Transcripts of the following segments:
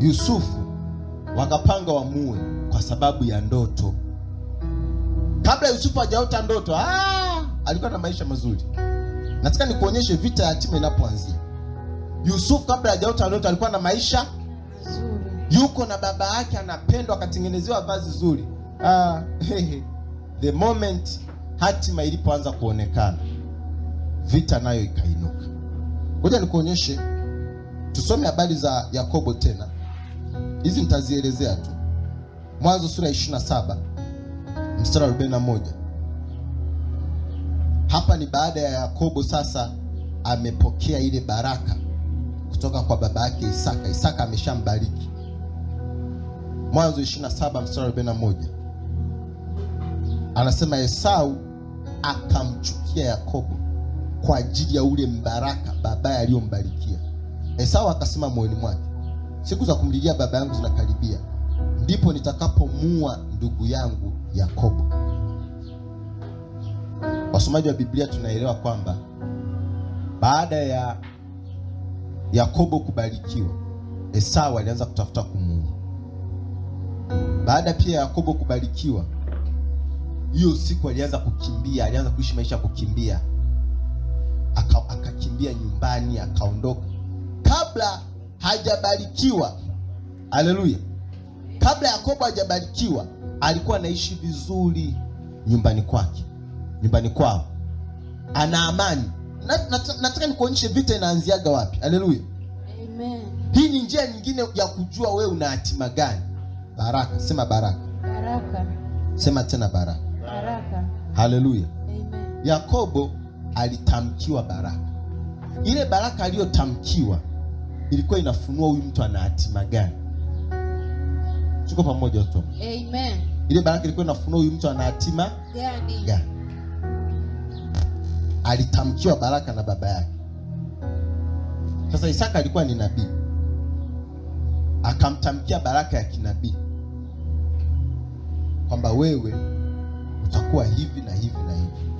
Yusufu wakapanga wamue kwa sababu ya ndoto. Kabla Yusufu hajaota ndoto, ah, alikuwa na maisha mazuri. Nataka nikuonyeshe vita ya hatima inapoanzia. Yusufu kabla hajaota ndoto alikuwa na maisha mazuri, yuko na baba yake, anapendwa, akatengenezewa vazi zuri. Ah, hehe. The moment hatima ilipoanza kuonekana, vita nayo ikainuka. Ngoja nikuonyeshe, tusome habari za Yakobo tena hizi nitazielezea tu. Mwanzo sura ya 27 mstari wa 41. Hapa ni baada ya Yakobo sasa amepokea ile baraka kutoka kwa baba yake Isaka. Isaka ameshambariki. Mwanzo 27 mstari wa 41 anasema Esau akamchukia Yakobo kwa ajili ya ule mbaraka babaye aliyombarikia. Esau akasema moyoni mwake siku za kumlilia baba yangu zinakaribia, ndipo nitakapomua ndugu yangu Yakobo. Wasomaji wa Biblia tunaelewa kwamba baada ya Yakobo kubarikiwa, Esau alianza kutafuta kumuua. Baada pia ya Yakobo kubarikiwa, hiyo siku alianza kukimbia, alianza kuishi maisha ya kukimbia, akakimbia nyumbani, akaondoka kabla hajabarikiwa. Haleluya! Kabla Yakobo hajabarikiwa alikuwa anaishi vizuri nyumbani kwake, nyumbani kwao, ana amani. Nataka nikuonyeshe vita inaanziaga wapi. Haleluya, amen. Hii ni njia nyingine ya kujua wewe una hatima gani. Baraka, sema baraka, baraka. Sema tena baraka, baraka. Haleluya, amen. Yakobo alitamkiwa baraka, ile baraka aliyotamkiwa ilikuwa inafunua huyu mtu ana hatima gani. Tuko pamoja watu? Amen. Ile baraka ilikuwa inafunua huyu mtu ana hatima gani gani. Alitamkiwa baraka na baba yake. Sasa Isaka alikuwa ni nabii, akamtamkia baraka ya kinabii kwamba wewe utakuwa hivi na hivi na hivi.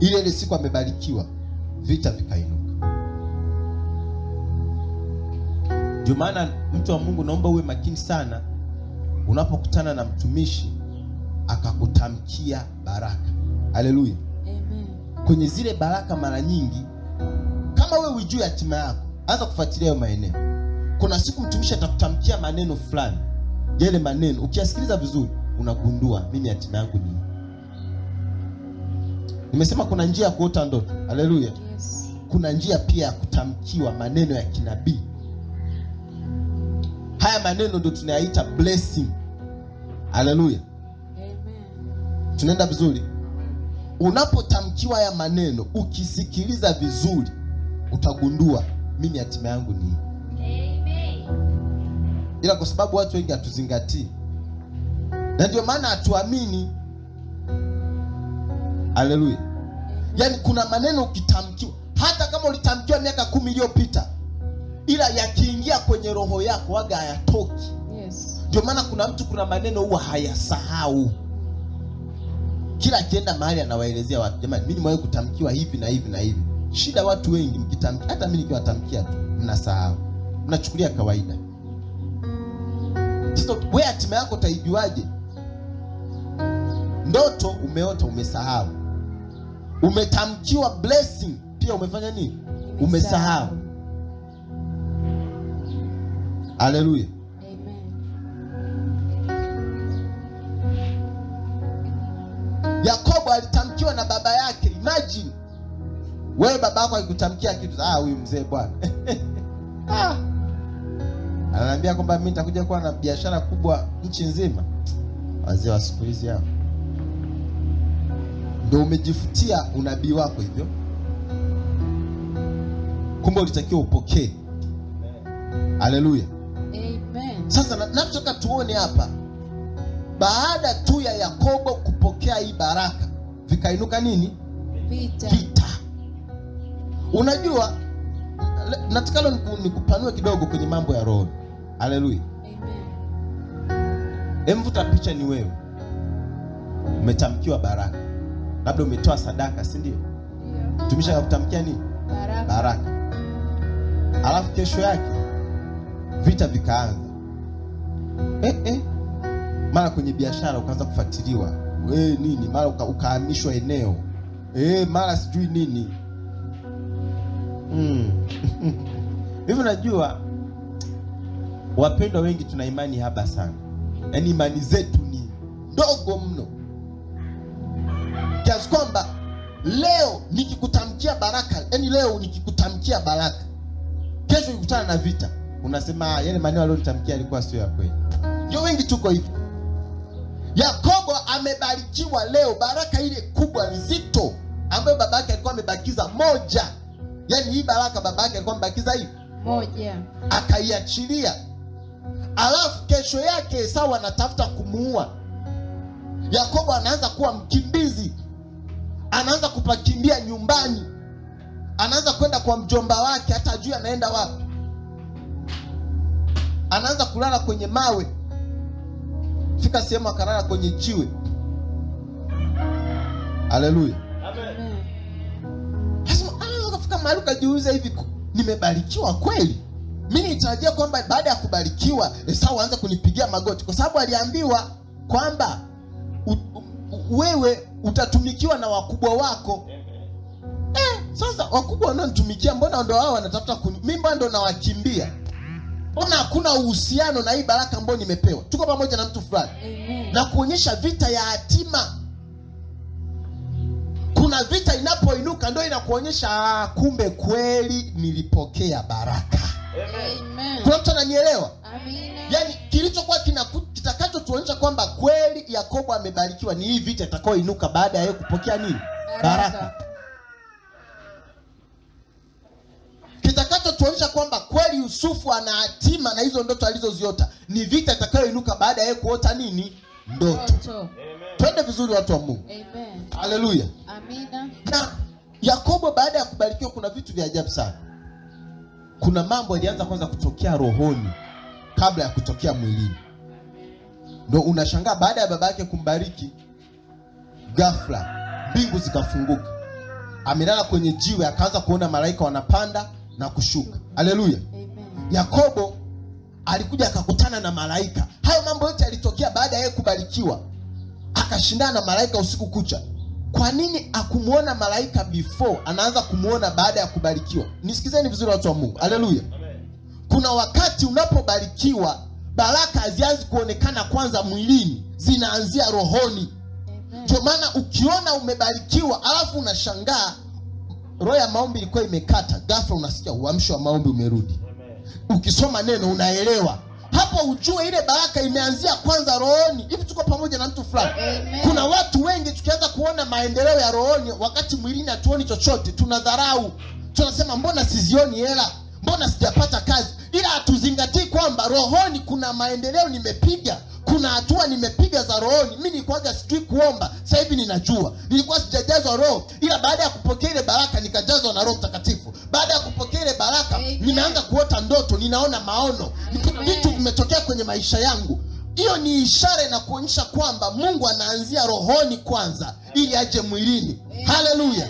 Ile ile siku amebarikiwa, vita vikainuka. Ndio maana mtu wa Mungu, naomba uwe makini sana unapokutana na mtumishi akakutamkia baraka. Haleluya, amen. Kwenye zile baraka, mara nyingi kama wewe hujui hatima yako, anza kufuatilia hayo maeneo. Kuna siku mtumishi atakutamkia maneno fulani, yale maneno ukiyasikiliza vizuri, unagundua mimi hatima yangu ni Nimesema kuna njia ya kuota ndoto. Haleluya, yes. Kuna njia pia ya kutamkiwa maneno ya kinabii haya maneno ndio tunayaita blessing. Haleluya, amen. Tunaenda vizuri. Unapotamkiwa haya maneno, ukisikiliza vizuri, utagundua mimi hatima yangu ni amen. Ila kwa sababu watu wengi hatuzingatii, na ndio maana hatuamini. Haleluya. Yaani kuna maneno ukitamkiwa, hata kama ulitamkiwa miaka kumi iliyopita ila yakiingia kwenye roho yako waga hayatoki. Yes. Ndio maana kuna mtu, kuna maneno huwa hayasahau, kila akienda mahali anawaelezea watu, jamani, mimi nimewahi kutamkiwa hivi na hivi na hivi. Shida watu wengi mkitamkia, hata mimi nikiwatamkia tu mnasahau, mnachukulia kawaida. Sasa wewe hatima yako utaijuaje? Ndoto umeota umesahau, umetamkiwa blessing pia umefanya nini? Umesahau. Alléluia. Yakobo alitamkiwa na baba yake. Imagine wewe baba yako akikutamkia kitu, ah, huyu mzee bwana ah, ananiambia kwamba mimi nitakuja kuwa na biashara kubwa nchi nzima. Wazee wa siku hizi hao ndio umejifutia unabii wako hivyo, kumbe ulitakiwa upokee. Haleluya. Sasa nataka tuone hapa, baada tu ya Yakobo kupokea hii baraka, vikainuka nini? Vita, vita. Unajua, natakalo nikupanue kidogo kwenye mambo ya roho. Haleluya, amen. Emvuta picha ni wewe, umetamkiwa baraka, labda umetoa sadaka, si ndio? Mtumishi akakutamkia nini? Baraka, baraka. Alafu kesho yake vita vikaanza eh, eh. Mara kwenye biashara ukaanza kufuatiliwa eh, nini mara uka, ukahamishwa eneo eh, mara sijui nini mm. Hivi unajua wapendwa, wengi tuna imani haba sana, yaani imani zetu ni ndogo mno kiasi kwamba leo nikikutamkia baraka, yaani leo nikikutamkia baraka, kesho nikutana na vita unasema yale maneno aliyonitamkia alikuwa sio ya kweli. Ndio wengi tuko hivi. Yakobo amebarikiwa leo baraka ile kubwa nzito ambayo baba yake alikuwa amebakiza moja. Yaani hii baraka baba yake alikuwa amebakiza hii moja, akaiachilia. Alafu kesho yake Esau anatafuta kumuua. Yakobo anaanza kuwa mkimbizi, anaanza kupakimbia nyumbani, anaanza kwenda kwa mjomba wake, hata ajui anaenda wapi anaanza kulala kwenye mawe, fika sehemu akalala kwenye jiwe. Haleluya, amen. Ah, Kafika mahali ukajiuliza, hivi nimebarikiwa kweli? Mi nitarajia kwamba baada ya kubarikiwa Esau aanze kunipigia magoti, kwa sababu aliambiwa kwamba wewe utatumikiwa na wakubwa wako. Eh, sasa wakubwa wanaonitumikia, mbona ndo wao wanatafuta kuni, mi mbona ndo nawakimbia? ona hakuna uhusiano na hii baraka ambayo nimepewa. Tuko pamoja na mtu fulani na kuonyesha vita ya hatima. Kuna vita inapoinuka ndio inakuonyesha ah, kumbe kweli nilipokea baraka. Amen. Kuna mtu ananielewa? Yaani kilichokuwa kitakachotuonyesha kwamba kweli Yakobo amebarikiwa ni hii vita itakayoinuka baada ya yeye kupokea nini? Baraka. Yusufu ana hatima na hizo ndoto alizoziota, ni vita itakayoinuka baada ya yeye kuota nini? Ndoto. Twende vizuri, watu wa Mungu. Haleluya, amina. Na Yakobo baada ya kubarikiwa, kuna vitu vya ajabu sana. Kuna mambo yalianza kwanza kutokea rohoni kabla ya kutokea mwilini. Ndio unashangaa baada ya baba yake kumbariki, ghafla mbingu zikafunguka, amelala kwenye jiwe, akaanza kuona malaika wanapanda na kushuka. Haleluya. Yakobo alikuja akakutana na malaika. Hayo mambo yote yalitokea baada ya yeye kubarikiwa, akashindana na malaika usiku kucha. Kwa nini akumuona malaika before anaanza kumuona baada ya kubarikiwa? Nisikizeni vizuri, watu wa Mungu, haleluya. Kuna wakati unapobarikiwa baraka hazianzi kuonekana kwanza mwilini, zinaanzia rohoni. Ndio maana ukiona umebarikiwa alafu unashangaa roho ya maombi ilikuwa imekata, ghafla unasikia uamsho wa maombi umerudi ukisoma neno unaelewa hapo ujue ile baraka imeanzia kwanza rohoni. Hivi tuko pamoja na mtu fulani? Kuna watu wengi tukianza kuona maendeleo ya rohoni, wakati mwilini hatuoni chochote, tunadharau, tunasema mbona sizioni hela, mbona sijapata kazi, ila hatuzingatii kwamba rohoni kuna maendeleo nimepiga, kuna hatua nimepiga za rohoni. Mi nilikuwaga sijui kuomba, sasa hivi ninajua. Nilikuwa sijajazwa Roho, ila baada ya kupokea ile baraka nikajazwa na Roho Mtakatifu baada ya ile baraka, nimeanza kuota ndoto, ninaona maono, vitu vimetokea kwenye maisha yangu. Hiyo ni ishara na kuonyesha kwamba Mungu anaanzia rohoni kwanza ili aje mwilini. Haleluya!